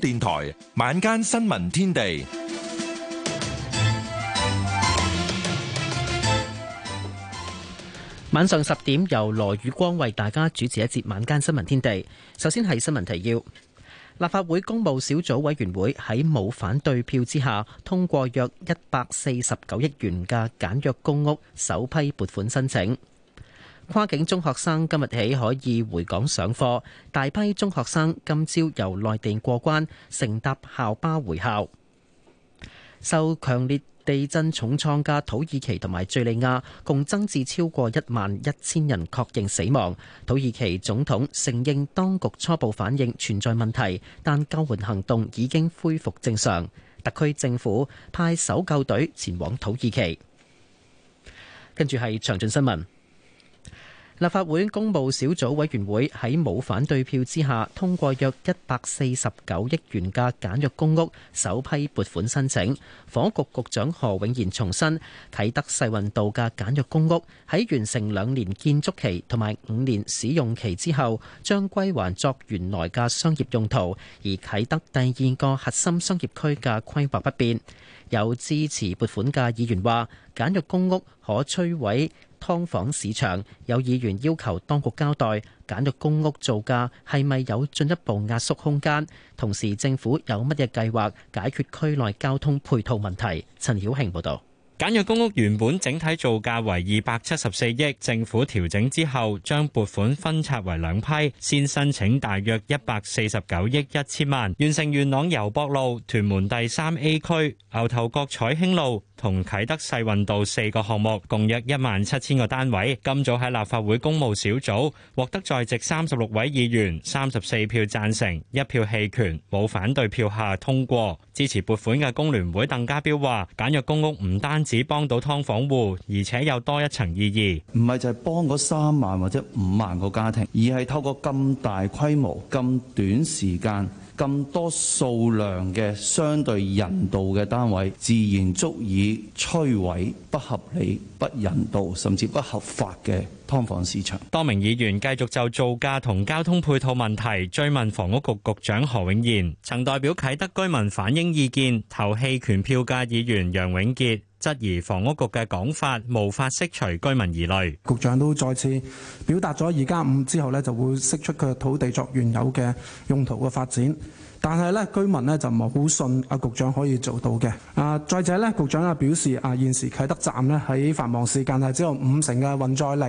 電台晚間新聞天地，晚上十點由羅宇光為大家主持一節晚間新聞天地。首先係新聞提要：立法會公務小組委員會喺冇反對票之下通過約一百四十九億元嘅簡約公屋首批撥款申請。跨境中學生今日起可以回港上課，大批中學生今朝由內地過關，乘搭校巴回校。受強烈地震重創嘅土耳其同埋敘利亞共增至超過一萬一千人確認死亡。土耳其總統承認當局初步反應存在問題，但救援行動已經恢復正常。特區政府派搜救隊前往土耳其。跟住係詳盡新聞。立法會公務小組委員會喺冇反對票之下通過約一百四十九億元嘅簡約公屋首批撥款申請。房屋局局長何永賢重申，啟德世運道嘅簡約公屋喺完成兩年建築期同埋五年使用期之後，將歸還作原來嘅商業用途，而啟德第二個核心商業區嘅規劃不變。有支持撥款嘅議員話，簡約公屋可摧毀劏房市場，有議員要求當局交代簡約公屋造價係咪有進一步壓縮空間，同時政府有乜嘢計劃解決區內交通配套問題？陳曉慶報導。簡約公屋原本整體造價為二百七十四億，政府調整之後將撥款分拆為兩批，先申請大約一百四十九億一千萬，完成元朗油伯路、屯門第三 A 區、牛頭角彩興路同啟德世運道四個項目，共約一萬七千個單位。今早喺立法會公務小組獲得在席三十六位議員，三十四票贊成，一票棄權，冇反對票下通過。支持撥款嘅工聯會鄧家彪話：簡約公屋唔單只幫到劏房戶，而且有多一層意義。唔係就係幫嗰三萬或者五萬個家庭，而係透過咁大規模、咁短時間、咁多數量嘅相對人道嘅單位，自然足以摧毀不合理、不人道，甚至不合法嘅。房市場，多名議員繼續就造價同交通配套問題追問房屋局局長何永賢。曾代表啟德居民反映意見投棄權票嘅議員楊永傑質疑房屋局嘅講法無法釋除居民疑慮。局長都再次表達咗，二加五之後呢，就會釋出佢土地作原有嘅用途嘅發展。但係咧，居民咧就唔係好信阿局長可以做到嘅。啊，再者咧，局長啊表示啊，現時啟德站咧喺繁忙時間係只有五成嘅運載力，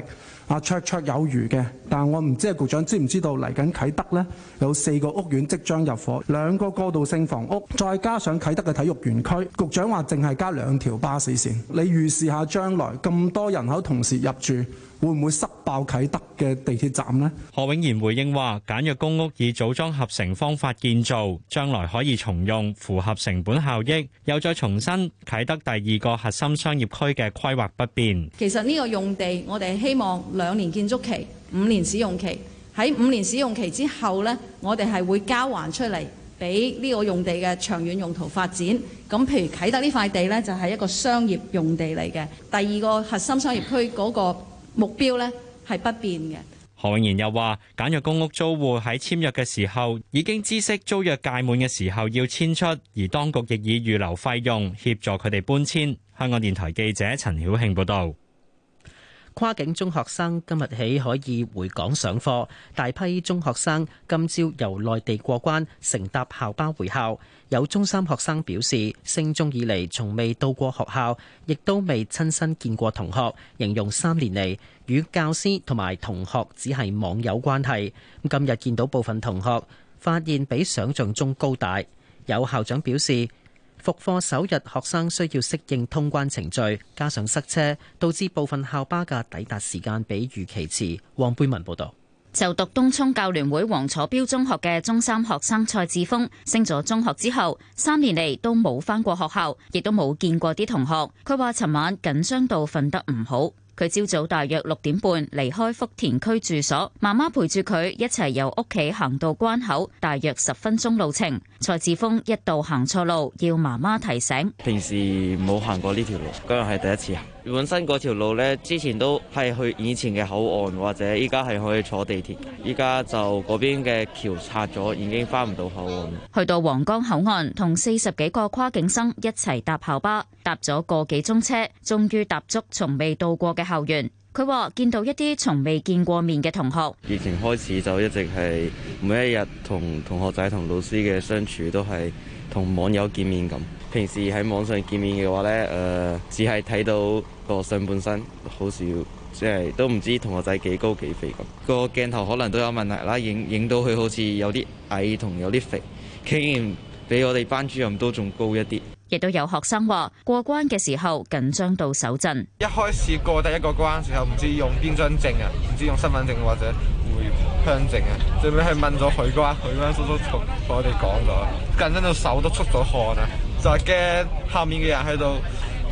啊，綽綽有餘嘅。但我唔知阿局長知唔知道嚟緊啟德咧有四個屋苑即將入伙，兩個過渡性房屋，再加上啟德嘅體育園區。局長話淨係加兩條巴士線，你預示下將來咁多人口同時入住，會唔會塞爆啟德嘅地鐵站呢？何永賢回應話：簡約公屋以組裝合成方法建造，將來可以重用，符合成本效益。又再重申，啟德第二個核心商業區嘅規劃不變。其實呢個用地，我哋希望兩年建築期、五年使用期。喺五年使用期之後呢，我哋係會交還出嚟俾呢個用地嘅長遠用途發展。咁譬如啟德呢塊地呢，就係一個商業用地嚟嘅。第二個核心商業區嗰個。目標咧係不變嘅。何永賢又話：簡約公屋租戶喺簽約嘅時候已經知悉租約屆滿嘅時候要遷出，而當局亦已預留費用協助佢哋搬遷。香港電台記者陳曉慶報道。跨境中學生今日起可以回港上課，大批中學生今朝由內地過關，乘搭校巴回校。有中三學生表示，升中以嚟從未到過學校，亦都未親身見過同學，形容三年嚟與教師同埋同學只係網友關係。今日見到部分同學，發現比想像中高大。有校長表示。復課首日，學生需要適應通關程序，加上塞車，導致部分校巴嘅抵達時間比預期遲。黃貝文報道，就讀東涌教聯會黃楚標中學嘅中三學生蔡志峰，升咗中學之後，三年嚟都冇返過學校，亦都冇見過啲同學。佢話尋晚緊張到瞓得唔好。佢朝早大約六點半離開福田區住所，媽媽陪住佢一齊由屋企行到關口，大約十分鐘路程。蔡智峰一度行錯路，要媽媽提醒。平時冇行過呢條路，今日係第一次行。本身嗰條路呢，之前都係去以前嘅口岸，或者依家係可以坐地鐵。依家就嗰邊嘅橋拆咗，已經返唔到口岸。去到皇崗口岸，同四十幾個跨境生一齊搭校巴，搭咗個幾鐘車，終於踏足從未到過嘅校園。佢話見到一啲從未見過面嘅同學，疫情開始就一直係每一日同同學仔同老師嘅相處都係同網友見面咁。平時喺網上見面嘅話咧，誒、呃，只係睇到個上半身，好少，即係都唔知同學仔幾高幾肥咁。個鏡頭可能都有問題啦，影影到佢好似有啲矮同有啲肥，竟然比我哋班主任都仲高一啲。亦都有學生話過關嘅時候緊張到手震。一開始過第一個關時候，唔知用邊張證啊？唔知用身份證或者回鄉證啊？最尾係問咗許關，許關叔叔同我哋講咗，緊張到手都出咗汗啊！就驚後面嘅人喺度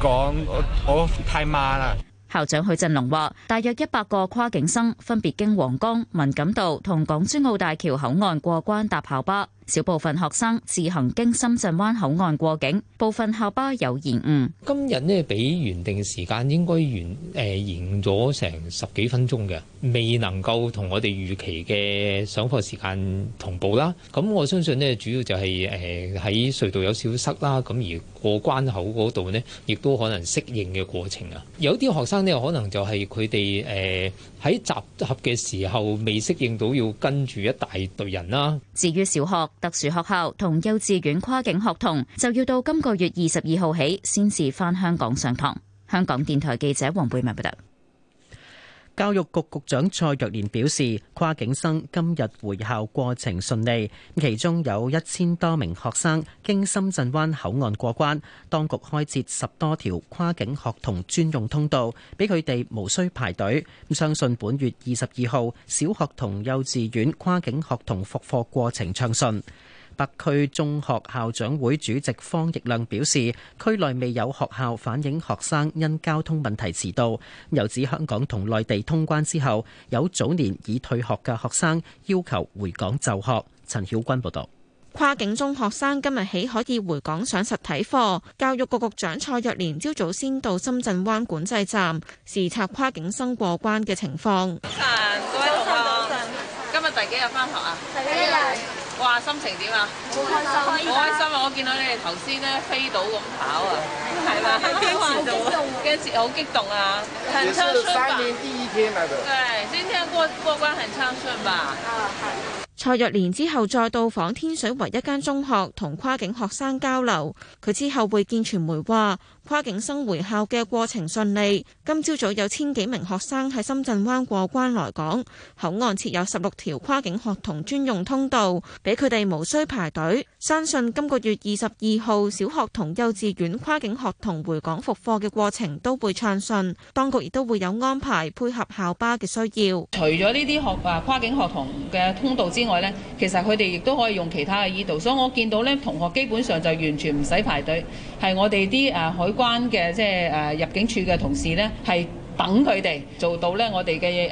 講我我太慢啦！校長許振龍話，大約一百個跨境生分別經皇崗、文錦渡同港珠澳大橋口岸過關搭校巴。少部分學生自行經深圳灣口岸過境，部分校巴有延誤。今日呢比原定時間應該延誒延咗成十幾分鐘嘅，未能夠同我哋預期嘅上課時間同步啦。咁我相信呢，主要就係誒喺隧道有小塞啦，咁而過關口嗰度呢，亦都可能適應嘅過程啊。有啲學生呢，可能就係佢哋誒。呃喺集合嘅時候未適應到要跟住一大隊人啦。至於小學、特殊學校同幼稚園跨境學童，就要到今個月二十二號起先至返香港上堂。香港電台記者黃貝文報道。教育局局長蔡若蓮表示，跨境生今日回校過程順利，其中有一千多名學生經深圳灣口岸過關，當局開設十多條跨境學童專用通道，俾佢哋無需排隊。相信本月二十二號小學同幼稚園跨境學童復課過程暢順。北區中學校長會主席方亦亮表示，區內未有學校反映學生因交通問題遲到。又指香港同內地通關之後，有早年已退學嘅學生要求回港就學。陳曉君報道，跨境中學生今日起可以回港上實體課。教育局局長蔡若蓮朝早先到深圳灣管制站視察跨境生過關嘅情況。各位同學，今日第幾日翻學啊？心情點啊？好開心，好開心啊！我見到你哋頭先呢，飛到咁跑啊，係嘛？好激動，喺機場嘅時候好激動啊！很暢順吧？對，今天過過關很暢順吧？啊，係。蔡若蓮之後再到訪天水圍一間中學，同跨境學生交流。佢之後會見傳媒話。跨境生回校嘅過程順利，今朝早有千幾名學生喺深圳灣過關來港，口岸設有十六條跨境學童專用通道，俾佢哋無需排隊，相信今個月二十二號小學同幼稚園跨境學童回港復課嘅過程都會暢順，當局亦都會有安排配合校巴嘅需要。除咗呢啲學跨境學童嘅通道之外咧，其實佢哋亦都可以用其他嘅 e 道，所以我見到咧，同學基本上就完全唔使排隊，係我哋啲誒海。啊關嘅即係誒入境處嘅同事咧，係。等佢哋做到咧，我哋嘅誒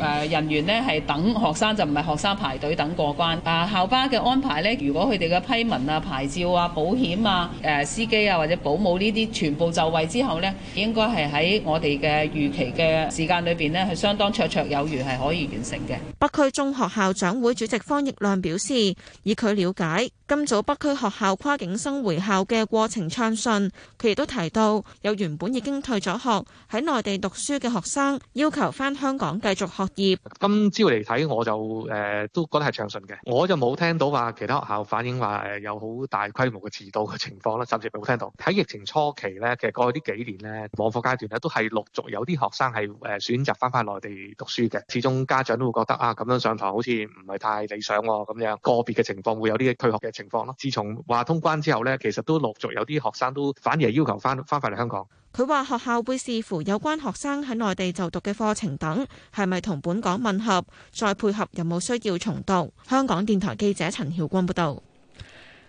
海誒人員咧係等學生就唔係學生排隊等過關啊，校巴嘅安排咧，如果佢哋嘅批文啊、牌照啊、保險啊、誒司機啊或者保姆呢啲全部就位之後咧，應該係喺我哋嘅預期嘅時間裏邊咧係相當綽綽有餘，係可以完成嘅。北區中學校長會主席方奕亮表示，以佢了解今早北區學校跨境生回校嘅過程暢順，佢亦都提到有原本已經退咗學，喺內地。讀書嘅學生要求翻香港繼續學業。今朝嚟睇，我就誒、呃、都覺得係暢順嘅，我就冇聽到話其他學校反映話誒有好大規模嘅遲到嘅情況啦，甚至冇聽到。喺疫情初期咧，其實過去呢幾年咧，網課階段咧都係陸續有啲學生係誒選擇翻翻內地讀書嘅。始終家長都會覺得啊，咁樣上堂好似唔係太理想咁，哦、樣。個別嘅情況會有啲退學嘅情況咯。自從話通關之後咧，其實都陸續有啲學生都反而係要求翻翻返嚟香港。佢話：他說學校會視乎有關學生喺內地就讀嘅課程等，係咪同本港吻合，再配合有冇需要重讀。香港電台記者陳曉君報導。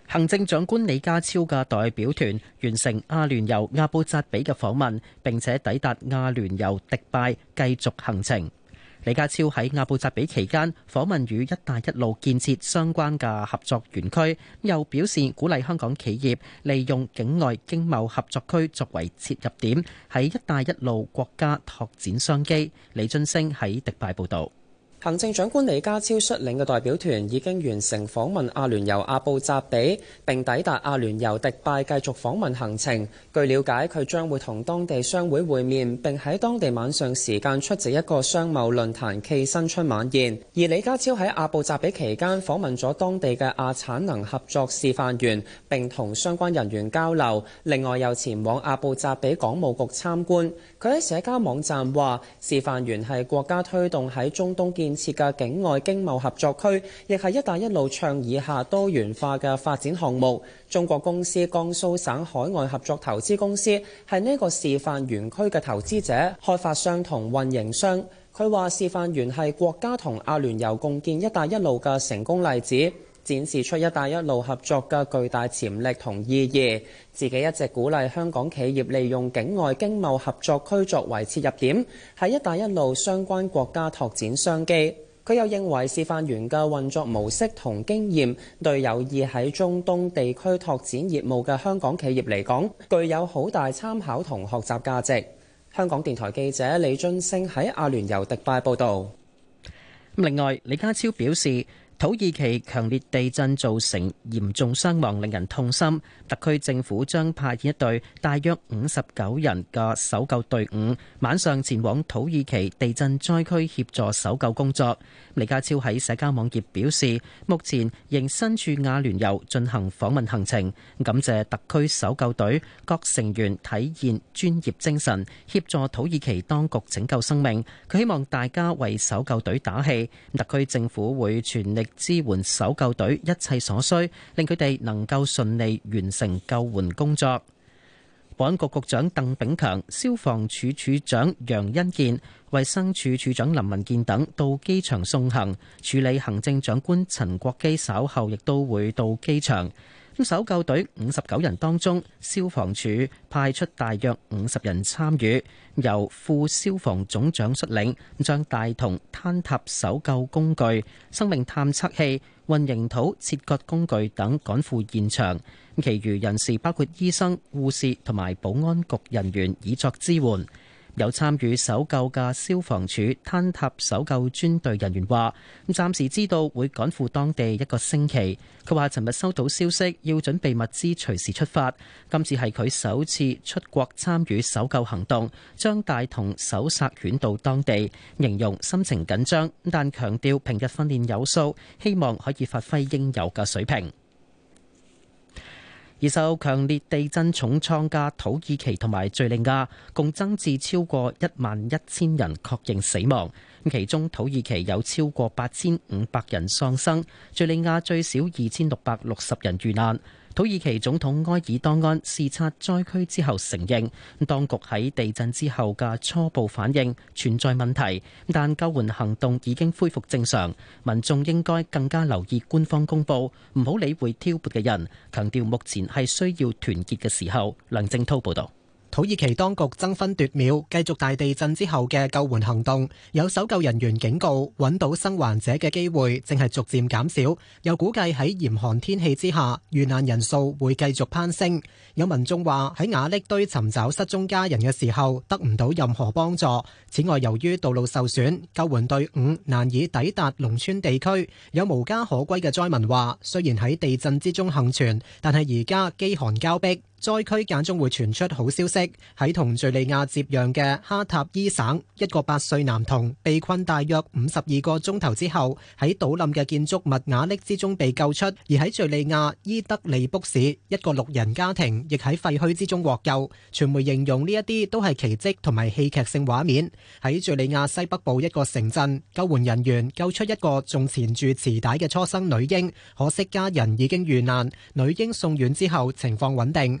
行政長官李家超嘅代表團完成阿聯酋阿布扎比嘅訪問，並且抵達阿聯酋迪拜，繼續行程。李家超喺阿布扎比期間訪問與「一帶一路」建設相關嘅合作園區，又表示鼓勵香港企業利用境外經貿合作區作為切入點，喺「一帶一路」國家拓展商機。李津升喺迪拜報道。行政長官李家超率領嘅代表團已經完成訪問阿聯酋阿布扎比，並抵達阿聯酋迪拜繼續訪問行程。據了解，佢將會同當地商會會面，並喺當地晚上時間出席一個商貿論壇暨新春晚宴。而李家超喺阿布扎比期間訪問咗當地嘅阿產能合作示範園，並同相關人員交流。另外又前往阿布扎比港務局參觀。佢喺社交網站話：示範園係國家推動喺中東建。建設嘅境外經貿合作區，亦係「一帶一路」倡議下多元化嘅發展項目。中國公司江蘇省海外合作投資公司係呢個示範園區嘅投資者、開發商同運營商。佢話示範園係國家同阿聯酋共建「一帶一路」嘅成功例子。展示出一帶一路合作嘅巨大潛力同意義，自己一直鼓勵香港企業利用境外經貿合作區作為切入點，喺一帶一路相關國家拓展商機，佢又認為示範園嘅運作模式同經驗對有意喺中東地區拓展業務嘅香港企業嚟講具有好大參考同學習價值。香港電台記者李俊升喺阿聯酋迪拜報道。另外，李家超表示，土耳其強烈地震造成嚴重傷亡，令人痛心。特區政府將派遣一隊大約五十九人嘅搜救隊伍，晚上前往土耳其地震災區協助搜救工作。李家超喺社交網頁表示，目前仍身處阿聯酋進行訪問行程，感謝特區搜救隊各成員體現專業精神，協助土耳其當局拯救生命。佢希望大家為搜救隊打氣。特區政府會全力。支援搜救隊一切所需，令佢哋能夠順利完成救援工作。保安局局長鄧炳強、消防處處長楊恩健、衛生署署長林文健等到機場送行。處理行政長官陳國基稍後亦都會到機場。咁搜救隊五十九人當中，消防處派出大約五十人參與。由副消防總長率領，將大同坍塌搜救工具、生命探測器、混凝土切割工具等趕赴現場。其餘人士包括醫生、護士同埋保安局人員以作支援。有參與搜救嘅消防處坍塌搜救專隊人員話，暫時知道會趕赴當地一個星期。佢話，尋日收到消息，要準備物資，隨時出發。今次係佢首次出國參與搜救行動，將大同搜救犬到當地，形容心情緊張，但強調平日訓練有素，希望可以發揮應有嘅水平。而受強烈地震重創嘅土耳其同埋敍利亞，共增至超過一萬一千人確認死亡。其中土耳其有超過八千五百人喪生，敍利亞最少二千六百六十人遇難。土耳其總統埃爾多安視察災區之後承認，當局喺地震之後嘅初步反應存在問題，但救援行動已經恢復正常。民眾應該更加留意官方公佈，唔好理會挑撥嘅人，強調目前係需要團結嘅時候。梁正濤報道。土耳其當局爭分奪秒繼續大地震之後嘅救援行動，有搜救人員警告，揾到生還者嘅機會正係逐漸減少。又估計喺嚴寒天氣之下，遇難人數會繼續攀升。有民眾話喺瓦礫堆尋找失蹤家人嘅時候，得唔到任何幫助。此外，由於道路受損，救援隊伍難以抵達農村地區。有無家可歸嘅災民話，雖然喺地震之中幸存，但係而家飢寒交迫。災區間中會傳出好消息，喺同敍利亞接壤嘅哈塔伊省，一個八歲男童被困大約五十二個鐘頭之後，喺倒冧嘅建築物瓦礫之中被救出；而喺敍利亞伊德利卜市，一個六人家庭亦喺廢墟之中獲救。傳媒形容呢一啲都係奇蹟同埋戲劇性畫面。喺敍利亞西北部一個城鎮，救援人員救出一個仲纏住臍帶嘅初生女嬰，可惜家人已經遇難。女嬰送院之後情況穩定。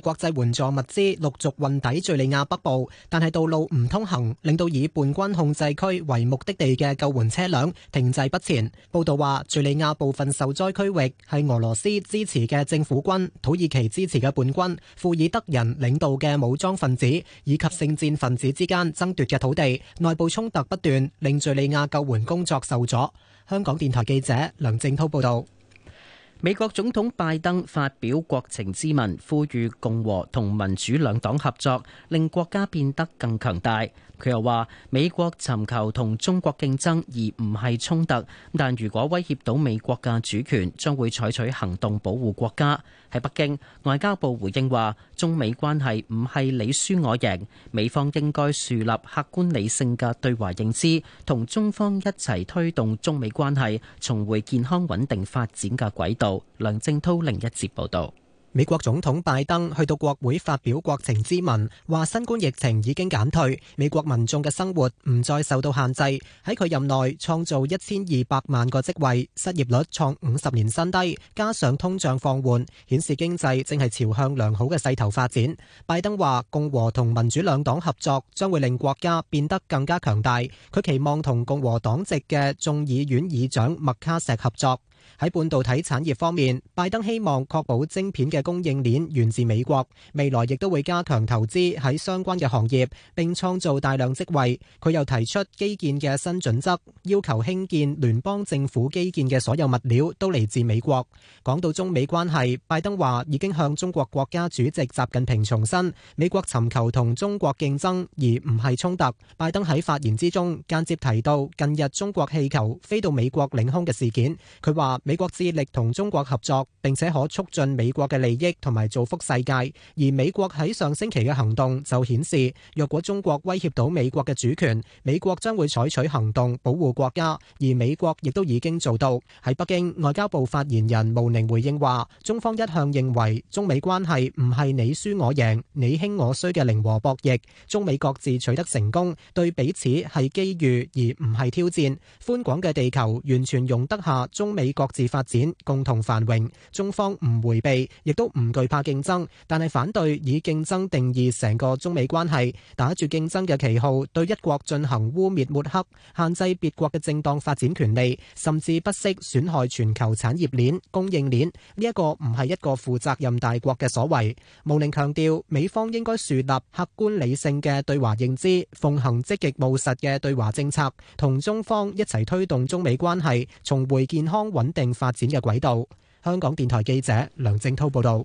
國際援助物資陸續運抵敘利亞北部，但係道路唔通行，令到以叛軍控制區為目的地嘅救援車輛停滯不前。報道話，敘利亞部分受災區域係俄羅斯支持嘅政府軍、土耳其支持嘅叛軍、庫爾德人領導嘅武裝分子以及聖戰分子之間爭奪嘅土地，內部衝突不斷，令敘利亞救援工作受阻。香港電台記者梁正濤報道。美國總統拜登發表國情咨文，呼籲共和同民主兩黨合作，令國家變得更強大。佢又話：美國尋求同中國競爭，而唔係衝突。但如果威脅到美國嘅主權，將會採取行動保護國家。喺北京，外交部回應話：中美關係唔係你輸我贏，美方應該樹立客觀理性嘅對華認知，同中方一齊推動中美關係重回健康穩定發展嘅軌道。梁正濤另一節報道，美國總統拜登去到國會發表國情咨文，話新冠疫情已經減退，美國民眾嘅生活唔再受到限制。喺佢任內創造一千二百萬個職位，失業率創五十年新低，加上通脹放緩，顯示經濟正係朝向良好嘅勢頭發展。拜登話，共和同民主兩黨合作將會令國家變得更加強大。佢期望同共和黨籍嘅眾議院議長麥卡錫合作。喺半導體產業方面，拜登希望確保晶片嘅供應鏈源自美國，未來亦都會加強投資喺相關嘅行業，並創造大量職位。佢又提出基建嘅新準則，要求興建聯邦政府基建嘅所有物料都嚟自美國。講到中美關係，拜登話已經向中國國家主席習近平重申，美國尋求同中國競爭而唔係衝突。拜登喺發言之中間接提到近日中國氣球飛到美國領空嘅事件，佢話：美國致力同中國合作，並且可促進美國嘅利益同埋造福世界。而美國喺上星期嘅行動就顯示，若果中國威脅到美國嘅主權，美國將會採取行動保護國家。而美國亦都已經做到。喺北京，外交部發言人毛寧回應話，中方一向認為中美關係唔係你輸我贏、你興我衰嘅零和博弈，中美各自取得成功對彼此係機遇而唔係挑戰。寬廣嘅地球完全容得下中美各自發展共同繁榮，中方唔回避，亦都唔懼怕競爭，但係反對以競爭定義成個中美關係，打住競爭嘅旗號對一國進行污衊抹黑，限制別國嘅正當發展權利，甚至不惜損害全球產業鏈供應鏈。呢、這、一個唔係一個負責任大國嘅所為。毛寧強調，美方應該樹立客觀理性嘅對華認知，奉行積極務實嘅對華政策，同中方一齊推動中美關係重回健康穩定。發展嘅軌道。香港電台記者梁正濤報道。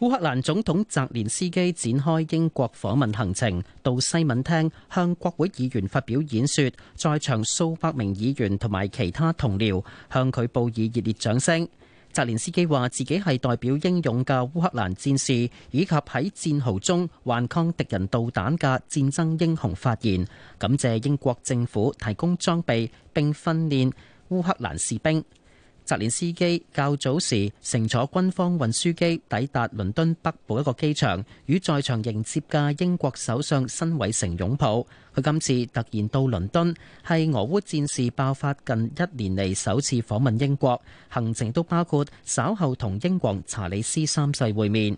烏克蘭總統澤連斯基展開英國訪問行程，到西敏廳向國會議員發表演說，在場數百名議員同埋其他同僚向佢報以熱烈掌聲。澤連斯基話自己係代表英勇嘅烏克蘭戰士，以及喺戰壕中頑抗敵人導彈嘅戰爭英雄發言，感謝英國政府提供裝備並訓練。烏克蘭士兵澤連斯基較早時乘坐軍方運輸機抵達倫敦北部一個機場，與在場迎接嘅英國首相辛偉誠擁抱。佢今次突然到倫敦，係俄烏戰事爆發近一年嚟首次訪問英國，行程都包括稍後同英皇查理斯三世會面。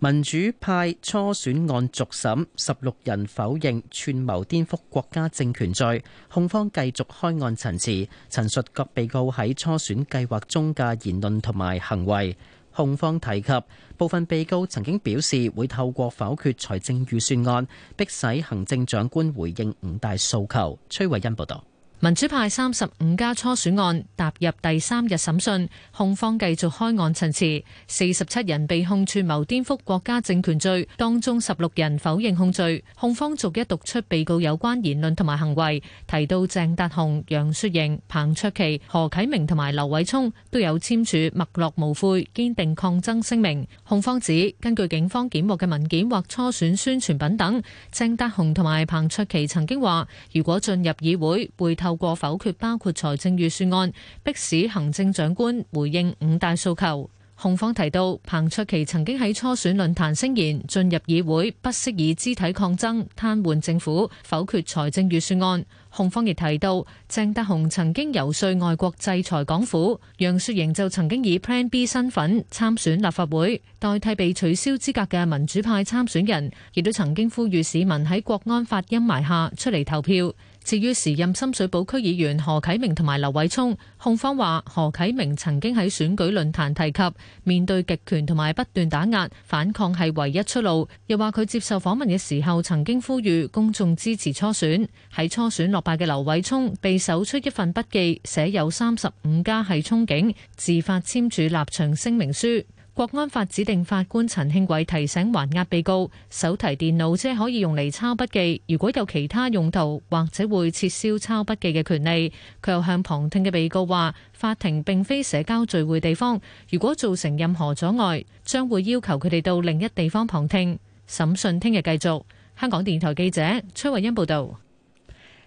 民主派初選案續審，十六人否認串謀顛覆國家政權罪，控方繼續開案陳詞，陳述各被告喺初選計劃中嘅言論同埋行為。控方提及部分被告曾經表示會透過否決財政預算案，迫使行政長官回應五大訴求。崔慧欣報道。民主派三十五家初選案踏入第三日審訊，控方繼續開案陳詞。四十七人被控串謀顛覆國家政權罪，當中十六人否認控罪。控方逐一讀出被告有關言論同埋行為，提到鄭達鴻、楊雪盈、彭卓棋、何啟明同埋劉偉聰都有簽署《墨落無悔、堅定抗爭》聲明。控方指，根據警方檢獲嘅文件或初選宣傳品等，鄭達鴻同埋彭卓棋曾經話，如果進入議會，透過否決包括財政預算案，迫使行政長官回應五大訴求。控方提到，彭卓棋曾經喺初選論壇聲言，進入議會不惜以肢體抗爭、癱瘓政府、否決財政預算案。控方亦提到，鄭德鴻曾經游說外國制裁港府，楊雪瑩就曾經以 Plan B 身份參選立法會，代替被取消資格嘅民主派參選人，亦都曾經呼籲市民喺國安法陰霾下出嚟投票。至於時任深水埗區議員何啟明同埋劉偉聰，控方話何啟明曾經喺選舉論壇提及面對極權同埋不斷打壓，反抗係唯一出路。又話佢接受訪問嘅時候曾經呼籲公眾支持初選。喺初選落敗嘅劉偉聰被搜出一份筆記，寫有三十五家係憧憬自發簽署立場聲明書。國安法指定法官陳慶偉提醒還押被告，手提電腦只可以用嚟抄筆記，如果有其他用途或者會撤銷抄筆記嘅權利。佢又向旁聽嘅被告話，法庭並非社交聚會地方，如果造成任何阻礙，將會要求佢哋到另一地方旁聽。審訊聽日繼續。香港電台記者崔慧欣報道。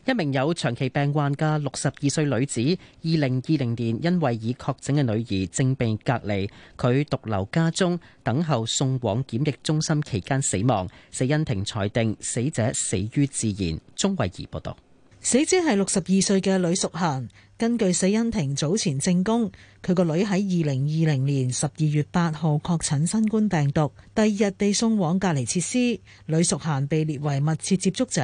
一名有長期病患嘅六十二歲女子，二零二零年因為已確診嘅女兒正被隔離，佢獨留家中等候送往檢疫中心期間死亡。死因庭裁定死者死於自然。鍾慧儀報導，死者係六十二歲嘅呂淑嫻。根據死因庭早前證供。佢個女喺二零二零年十二月八號確診新冠病毒，第二日被送往隔離設施。呂淑嫻被列為密切接觸者。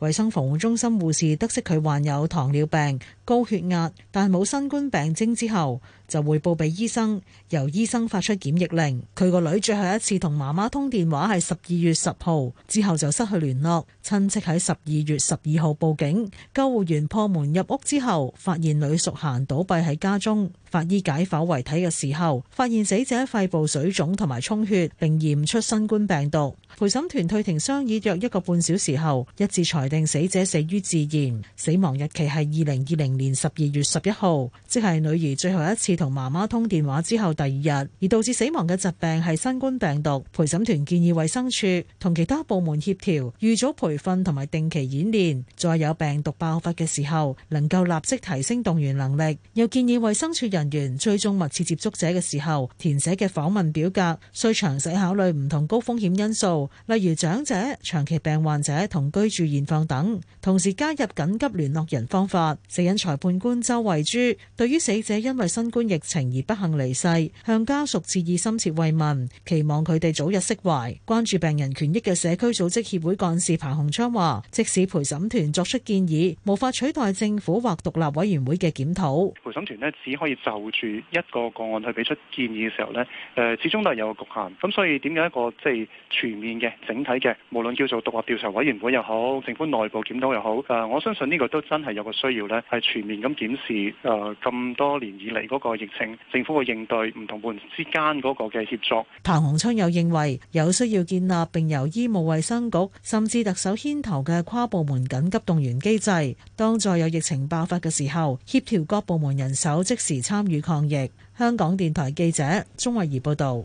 衛生防護中心護士得悉，佢患有糖尿病、高血壓，但冇新冠病徵之後，就匯報俾醫生，由醫生發出檢疫令。佢個女最後一次同媽媽通電話係十二月十號，之後就失去聯絡。親戚喺十二月十二號報警，救護員破門入屋之後，發現呂淑嫻倒閉喺家中。法醫。解剖遺體嘅時候，發現死者肺部水腫同埋充血，並驗出新冠病毒。陪審團退庭商議約一個半小時後，一致裁定死者死於自然，死亡日期係二零二零年十二月十一號，即係女兒最後一次同媽媽通電話之後第二日。而導致死亡嘅疾病係新冠病毒。陪審團建議衞生署同其他部門協調，預早培訓同埋定期演練，再有病毒爆發嘅時候能夠立即提升動員能力。又建議衞生署人員追蹤密切接觸者嘅時候，填寫嘅訪問表格需詳細考慮唔同高風險因素。例如長者、長期病患者同居住現況等，同時加入緊急聯絡人方法。死因裁判官周慧珠對於死者因為新冠疫情而不幸離世，向家屬致以深切慰問，期望佢哋早日釋懷。關注病人權益嘅社區組織協會幹事彭洪昌話：即使陪審團作出建議，無法取代政府或獨立委員會嘅檢討。陪審團呢只可以就住一個個案去俾出建議嘅時候呢，誒，始終都係有個局限。咁所以點解一個即係、就是、全面？嘅整體嘅，無論叫做獨立調查委員會又好，政府內部檢討又好，誒，我相信呢個都真係有個需要咧，係全面咁檢視誒，咁多年以嚟嗰個疫情，政府嘅應對，唔同部門之間嗰個嘅協作。彭洪昌又認為有需要建立並由醫務衛生局甚至特首牽頭嘅跨部門緊急動員機制，當再有疫情爆發嘅時候，協調各部門人手，即時參與抗疫。香港電台記者鍾慧儀報道。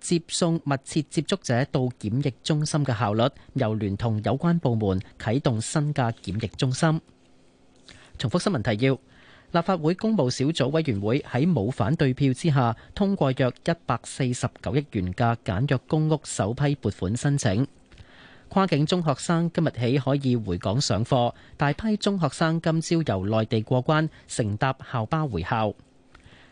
接送密切接觸者到檢疫中心嘅效率，由聯同有關部門啟動新嘅檢疫中心。重複新聞提要：立法會公務小組委員會喺冇反對票之下通過約一百四十九億元嘅簡約公屋首批撥款申請。跨境中學生今日起可以回港上課，大批中學生今朝由內地過關，乘搭校巴回校。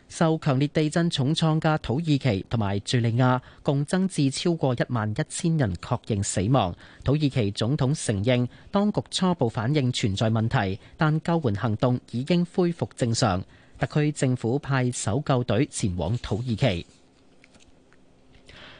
受強烈地震重創嘅土耳其同埋敘利亞，共增至超過一萬一千人確認死亡。土耳其總統承認當局初步反應存在問題，但救援行動已經恢復正常。特區政府派搜救隊前往土耳其。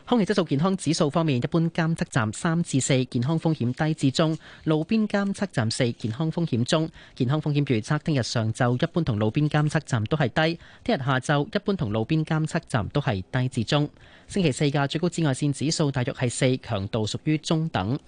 空氣質素健康指數方面，一般監測站三至四，健康風險低至中；路邊監測站四，健康風險中。健康風險預測：聽日上晝一般同路邊監測站都係低；聽日下晝一般同路邊監測站都係低至中。星期四嘅最高紫外線指數大約係四，強度屬於中等。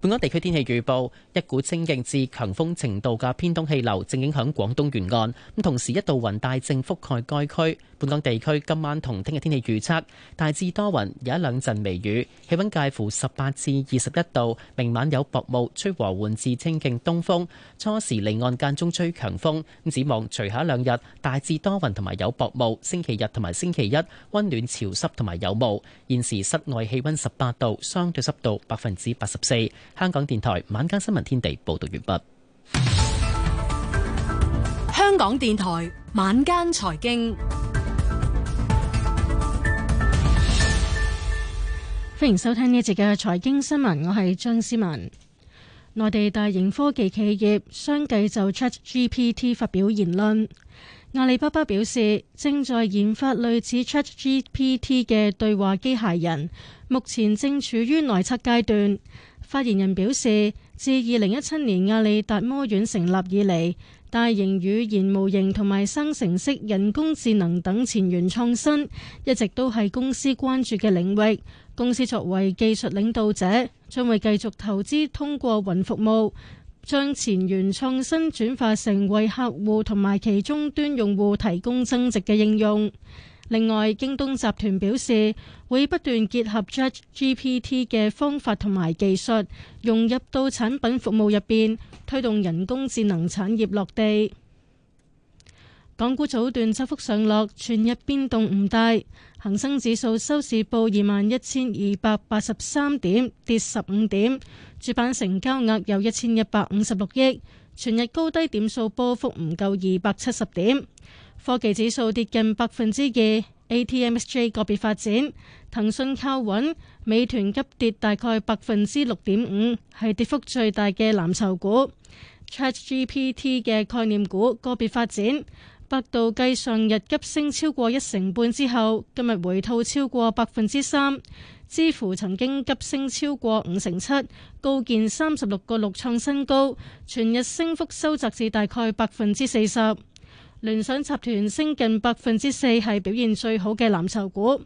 本港地區天氣預報：一股清勁至強風程度嘅偏東氣流正影響廣東沿岸，咁同時一道雲帶正覆蓋該區。本港地區今晚同聽日天氣預測，大致多雲，有一兩陣微雨，氣溫介乎十八至二十一度。明晚有薄霧，吹和緩至清勁東風，初時離岸間中吹強風。咁展望隨一兩，隨後一兩日大致多雲同埋有薄霧。星期日同埋星期一溫暖潮濕同埋有霧。現時室外氣溫十八度，相對濕度百分之八十四。香港電台晚間新聞天地報道完畢。香港電台晚間財經。歡迎收聽呢節嘅財經新聞。我係張思文。內地大型科技企業相繼就 ChatGPT 發表言論。阿里巴巴表示，正在研發類似 ChatGPT 嘅對話機械人，目前正處於內測階段。發言人表示，自二零一七年阿里達摩院成立以嚟，大型語言模型同埋生成式人工智能等前沿創新，一直都係公司關注嘅領域。公司作為技術領導者，將會繼續投資，通過雲服務將前沿創新轉化成為客戶同埋其終端用戶提供增值嘅應用。另外，京東集團表示會不斷結合 ChatGPT 嘅方法同埋技術融入到產品服務入邊，推動人工智能產業落地。港股早段窄幅上落，全日變動唔大。恒生指數收市報二萬一千二百八十三點，跌十五點。主板成交額有一千一百五十六億，全日高低點數波幅唔夠二百七十點。科技指數跌近百分之二。ATMSJ 個別發展，騰訊靠穩，美團急跌大概百分之六點五，係跌幅最大嘅藍籌股。ChatGPT 嘅概念股個別發展。百度繼上日急升超過一成半之後，今日回吐超過百分之三。支付曾經急升超過五成七，高見三十六個六創新高，全日升幅收窄至大概百分之四十。聯想集團升近百分之四，係表現最好嘅藍籌股。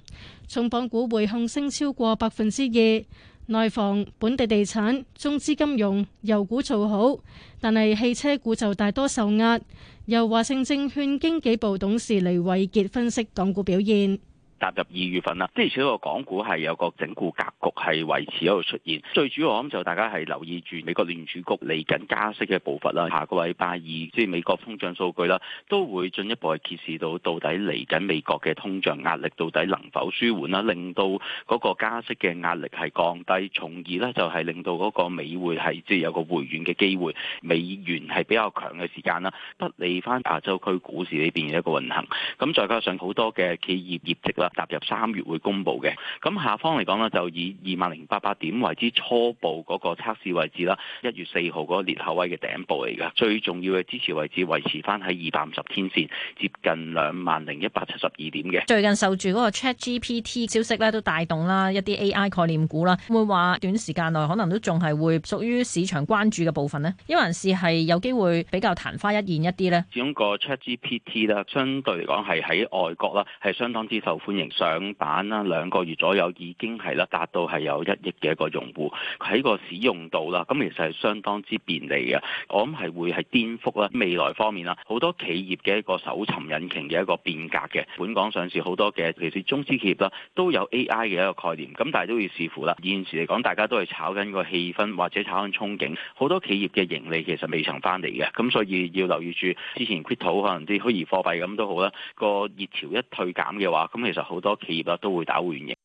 重磅股匯控升超過百分之二，內房、本地地產、中資金融、油股做好，但係汽車股就大多受壓。由華盛證券經紀部董事黎偉傑分析港股表現。踏入二月份啦，即係而個港股係有個整固格局係維持喺度出現。最主要我諗就是大家係留意住美國聯儲局嚟緊加息嘅步伐啦。下個禮拜二即係、就是、美國通脹數據啦，都會進一步係揭示到到底嚟緊美國嘅通脹壓力到底能否舒緩啦，令到嗰個加息嘅壓力係降低，從而呢，就係令到嗰個美匯係即係有個回軟嘅機會，美元係比較強嘅時間啦，不利翻亞洲區股市呢邊嘅一個運行。咁再加上好多嘅企業業績踏入三月會公布嘅，咁下方嚟講呢就以二萬零八百點為之初步嗰個測試位置啦，一月四號嗰個裂口位嘅頂部嚟噶，最重要嘅支持位置維持翻喺二百五十天線，接近兩萬零一百七十二點嘅。最近受住嗰個 ChatGPT 消息咧都帶動啦，一啲 AI 概念股啦，會話短時間內可能都仲係會屬於市場關注嘅部分呢。還是係有機會比較曇花一現一啲呢。始終個 ChatGPT 咧相對嚟講係喺外國啦，係相當之受歡迎。上板啦，兩個月左右已經係啦，達到係有一億嘅一個用戶喺個使用度啦。咁其實係相當之便利嘅。我諗係會係顛覆啦未來方面啦，好多企業嘅一個搜尋引擎嘅一個變革嘅。本港上市好多嘅，其實中資企業啦，都有 AI 嘅一個概念。咁但係都要視乎啦。現時嚟講，大家都係炒緊個氣氛，或者炒緊憧憬。好多企業嘅盈利其實未曾翻嚟嘅。咁所以要留意住之前 Crypto，可能啲虛擬貨幣咁都好啦。個熱潮一退減嘅話，咁其實～好多企業啦都會打回原形。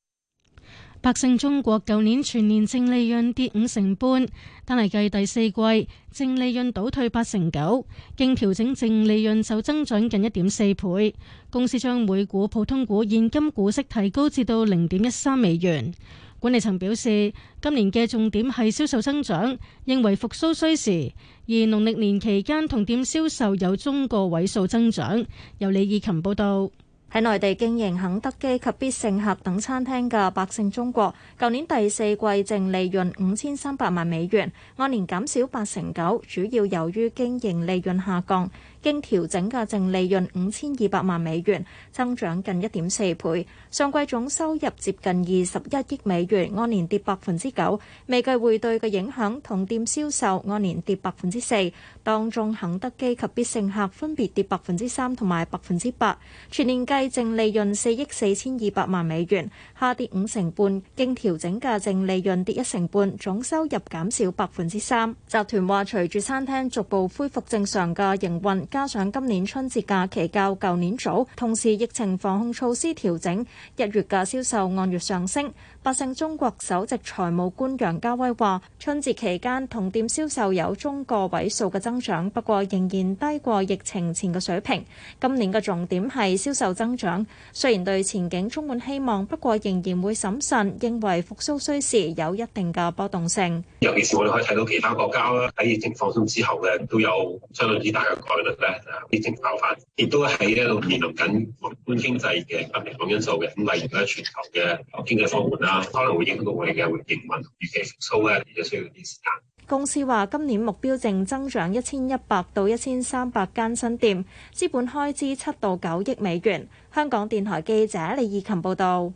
百勝中國舊年全年淨利潤跌五成半，但係計第四季淨利潤倒退八成九，經調整淨利潤就增長近一點四倍。公司將每股普通股現金股息提高至到零點一三美元。管理層表示，今年嘅重點係銷售增長，認為復甦需時。而農曆年期間同店銷售有中個位數增長。由李義琴報道。喺內地經營肯德基及必勝客等餐廳嘅百勝中國，舊年第四季淨利潤五千三百萬美元，按年減少八成九，主要由於經營利潤下降。經調整嘅淨利潤五千二百萬美元，增長近一點四倍。上季總收入接近二十一億美元，按年跌百分之九。未計匯兌嘅影響，同店銷售按年跌百分之四。當中肯德基及必勝客分別跌百分之三同埋百分之八。全年計淨利潤四億四千二百萬美元，下跌五成半。經調整嘅淨利潤跌一成半，總收入減少百分之三。集團話：隨住餐廳逐步恢復正常嘅營運。加上今年春節假期較舊年早，同時疫情防控措施調整，一月嘅銷售按月上升。百勝中國首席財務官楊家威話，春節期間同店銷售有中個位數嘅增長，不過仍然低過疫情前嘅水平。今年嘅重點係銷售增長，雖然對前景充滿希望，不過仍然會審慎，認為復甦需時，有一定嘅波動性。尤其是我哋可以睇到其他國家啦，喺疫情放鬆之後嘅都有相對之大嘅改動。咧啲情況翻，亦都喺呢度面臨緊宏觀經濟嘅不明朗因素嘅。咁例如咧，全球嘅經濟放緩啦，可能會影響到我哋嘅營運，預期復甦咧，亦都需要啲時間。公司話今年目標淨增長一千一百到一千三百間新店，資本開支七到九億美元。香港電台記者李義琴報導。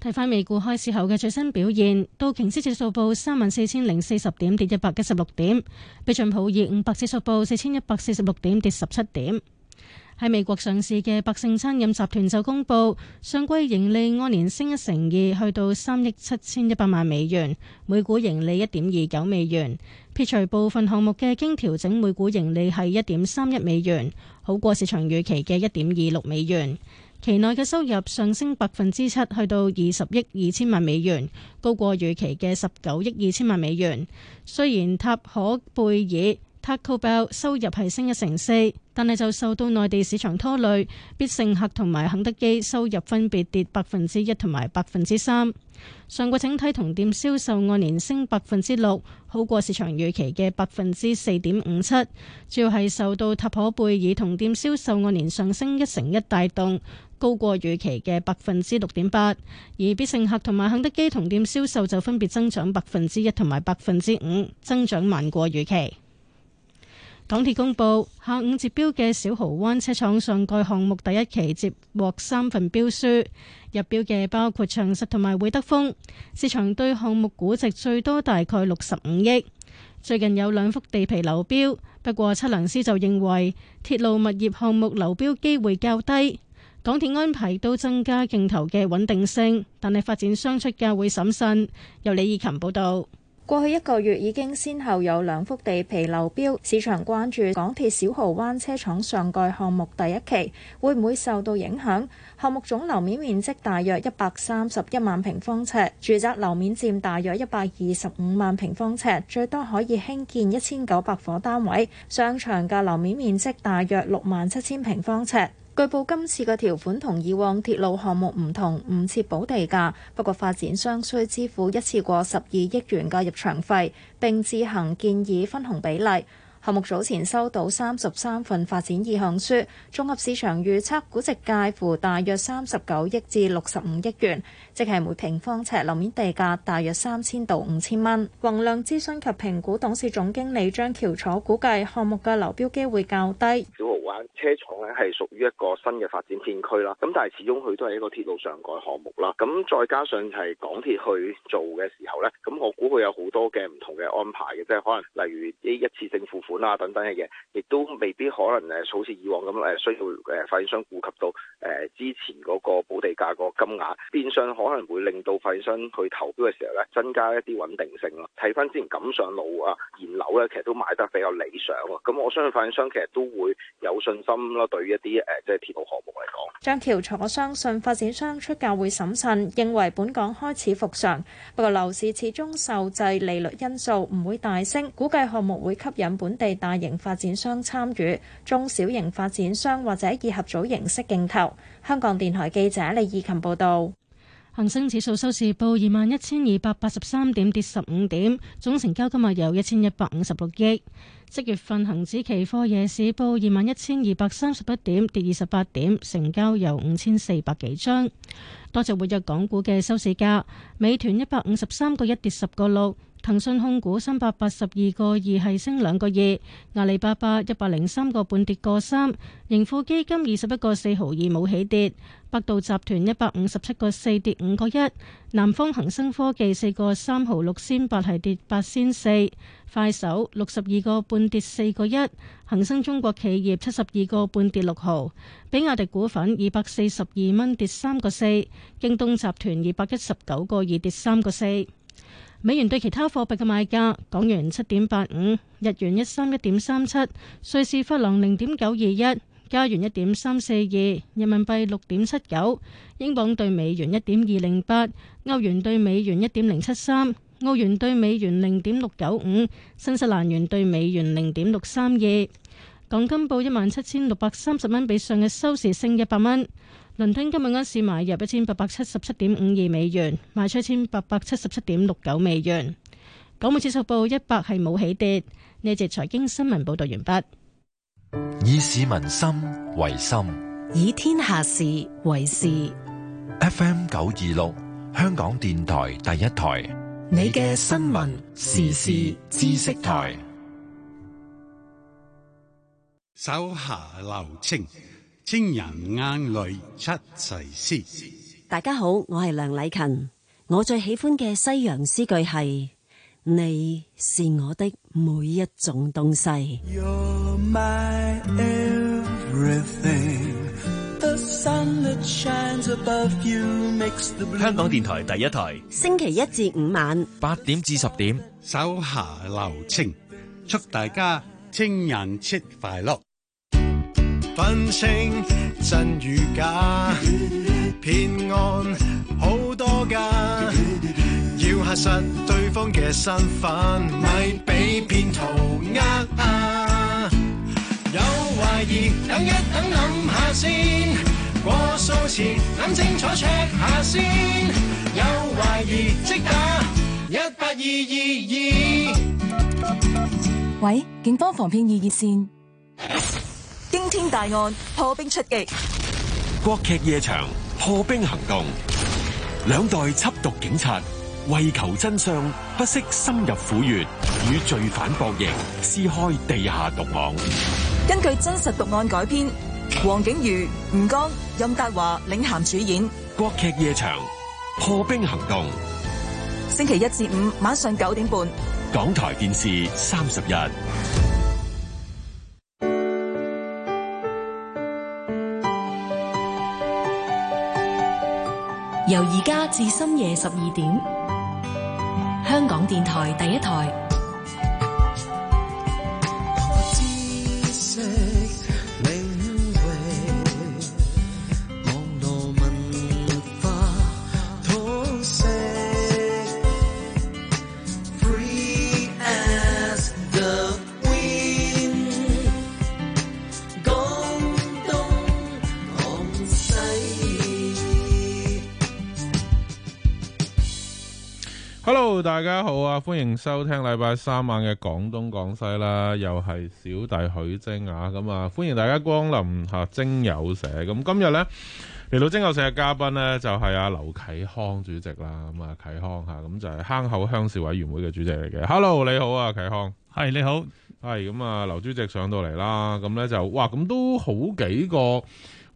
睇返美股開市後嘅最新表現，道瓊斯指數報三萬四千零四十點，4，點跌一百一十六點；標準普爾五百指數報四千一百四十六點，跌十七點。喺美國上市嘅百勝餐飲集團就公布，上季盈利按年升一成二，去到三億七千一百萬美元，每股盈利一點二九美元，撇除部分項目嘅經調整每股盈利係一點三一美元，好過市場預期嘅一點二六美元。期內嘅收入上升百分之七，去到二十億二千萬美元，高過預期嘅十九億二千萬美元。雖然塔可貝爾 Taco Bell 收入係升一成四，但係就受到內地市場拖累，必勝客同埋肯德基收入分別跌百分之一同埋百分之三。上個整體同店銷售按年升百分之六，好過市場預期嘅百分之四點五七。主要係受到塔可貝爾同店銷售按年上升一成一帶動。高過預期嘅百分之六點八，而必勝客同埋肯德基同店銷售就分別增長百分之一同埋百分之五，增長慢過預期。港鐵公布下午接標嘅小蠔灣車廠上蓋項目第一期接獲三份標書，入標嘅包括長實同埋會德豐。市場對項目估值最多大概六十五億。最近有兩幅地皮流標，不過測量師就認為鐵路物業項目流標機會較低。港鐵安排都增加鏡頭嘅穩定性，但係發展商出價會審慎。由李以琴報道，過去一個月已經先後有兩幅地皮流標，市場關注港鐵小濠灣車廠上蓋項目第一期會唔會受到影響？項目總樓面面積大約一百三十一萬平方尺，住宅樓面佔大約一百二十五萬平方尺，最多可以興建一千九百伙單位，商場嘅樓面面積大約六萬七千平方尺。據報今次嘅條款同以往鐵路項目唔同，唔設補地價，不過發展商需支付一次過十二億元嘅入場費，並自行建議分紅比例。項目早前收到三十三份發展意向書，綜合市場預測估值介乎大約三十九億至六十五億元。即係每平方尺樓面地價大約三千到五千蚊。宏亮諮詢及評估董，董事總經理張橋楚估計項目嘅流標機會較低。小蠔灣、啊、車廠咧係屬於一個新嘅發展片區啦，咁但係始終佢都係一個鐵路上蓋項目啦。咁再加上係港鐵去做嘅時候咧，咁我估佢有好多嘅唔同嘅安排嘅，即係可能例如一次性付款啊等等嘅嘢，亦都未必可能誒，好似以往咁需要誒發展商顧及到誒、呃、之前嗰個補地價個金額變相可能會令到發展商去投標嘅時候咧，增加一啲穩定性咯。睇翻之前錦上路啊，現樓咧，其實都賣得比較理想啊。咁我相信發展商其實都會有信心咯。對於一啲、呃、即係鐵路項目嚟講，張橋楚相信發展商出價會審慎，認為本港開始復常，不過樓市始終受制利率因素，唔會大升。估計項目會吸引本地大型發展商參與，中小型發展商或者以合組形式競投。香港電台記者李意琴報道。恒生指數收市報二萬一千二百八十三點，跌十五點，總成交今日有一千一百五十六億。即月份恒指期貨夜市報二萬一千二百三十一點，跌二十八點，成交由五千四百幾張。多隻活躍港股嘅收市價，美團一百五十三個一跌十個六。騰訊控股三百八十二個二係升兩個二，阿里巴巴一百零三個半跌個三，盈富基金二十一個四毫二冇起跌，百度集團一百五十七個四跌五個一，南方恒生科技四個三毫六仙八係跌八仙四，快手六十二個半跌四個一，恒生中國企業七十二個半跌六毫，比亞迪股份二百四十二蚊跌三個四，京東集團二百一十九個二跌三個四。美元對其他貨幣嘅賣價：港元七點八五，日元一三一點三七，瑞士法郎零點九二一，加元一點三四二，人民幣六點七九，英鎊對美元一點二零八，歐元對美元一點零七三，澳元對美元零點六九五，新西蘭元對美元零點六三二。港金報一萬七千六百三十蚊，比上日收市升一百蚊。倫敦今日收市買入一千八百七十七點五二美元，賣出一千八百七十七點六九美元。港股指數報一百，係冇起跌。呢一節財經新聞報道完畢。以市民心為心，以天下事為事。FM 九二六，香港電台第一台，你嘅新聞時事知識台，手下留情。情人眼淚出齊詩，大家好，我係梁禮勤，我最喜歡嘅西洋詩句係：你是我的每一種東西。香港電台第一台，星期一至五晚八點至十點，手下留情，祝大家情人節快樂。分清真與假，騙案好多㗎。 要核實對方嘅身份，咪俾騙徒呃啊！ 有懷疑，等一等，諗下先。過數前，諗清楚，check 下先。有懷疑，即打一八二二二。喂，警方防騙易熱線。驚天大案破冰出擊，國劇夜場破冰行動，兩代緝毒警察為求真相，不惜深入虎穴，與罪犯博弈，撕開地下毒網。根據真實毒案改編，黃景瑜、吳剛、任達華領銜主演《國劇夜場破冰行動》，星期一至五晚上九點半，港台電視三十日。由而家至深夜十二點，香港電台第一台。大家好啊，歡迎收聽禮拜三晚嘅廣東廣西啦，又係小弟許晶啊，咁啊歡迎大家光臨吓精友社。咁今日呢，嚟到精友社嘅嘉賓呢，就係阿劉啟康主席啦，咁啊啟康吓，咁就係坑口鄉事委員會嘅主席嚟嘅。Hello，你好啊，啟康，係你好，係咁啊，劉主席上到嚟啦，咁呢就哇，咁都好幾個。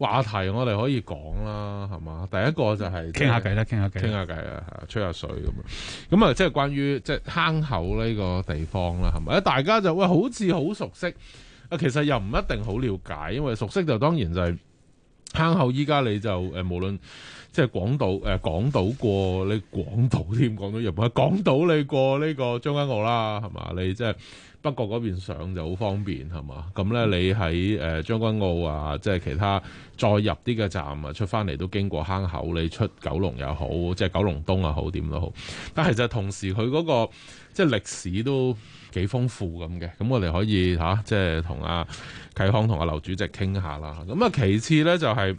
話題我哋可以講啦，係嘛？第一個就係傾下偈啦，傾下偈，傾下偈啦，吹下水咁啊。咁啊，即係關於即係、就是、坑口呢個地方啦，係咪？大家就喂，好似好熟悉啊，其實又唔一定好了解，因為熟悉就當然就係坑口。依家你就誒、呃，無論。即係港島，誒、呃、港島過你港島添，港島本去，港島，島你過呢個將軍澳啦，係嘛？你即係北角嗰邊上就好方便，係嘛？咁咧，你喺誒將軍澳啊，即係其他再入啲嘅站啊，出翻嚟都經過坑口，你出九龍又好，即係九龍東又好，點都好。但係就同時佢嗰、那個即係歷史都幾豐富咁嘅。咁我哋可以吓、啊，即係同阿啟康同阿、啊、劉主席傾下啦。咁啊，其次咧就係、是。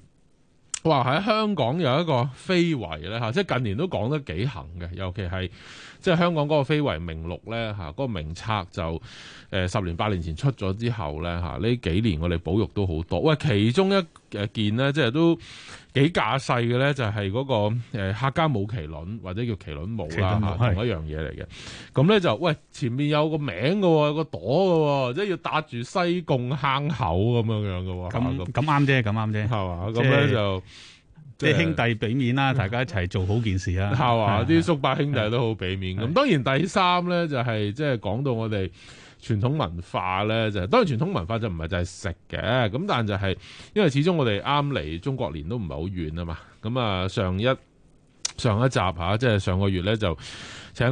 哇！喺香港有一個非遺咧嚇，即係近年都講得幾行嘅，尤其係即係香港嗰個非遺名錄咧嚇，個、嗰個名冊就誒十年八年前出咗之後咧嚇，呢幾年我哋保育都好多。喂，其中一誒件咧，即係都。幾架勢嘅咧，就係嗰個誒客家舞麒麟，或者叫麒麟舞啦，同一樣嘢嚟嘅。咁咧就喂，前面有個名嘅，有個朵嘅，即係要搭住西貢坑口咁樣樣嘅。咁咁啱啫，咁啱啫。係嘛，咁咧就即係兄弟俾面啦，大家一齊做好件事啦。係嘛，啲叔伯兄弟都好俾面。咁當然第三咧就係即係講到我哋，傳統文化呢，就，當然傳統文化就唔係淨係食嘅，咁但就係因為始終我哋啱嚟中國年都唔係好遠啊嘛，咁啊上一上一集嚇，即係上個月呢，就。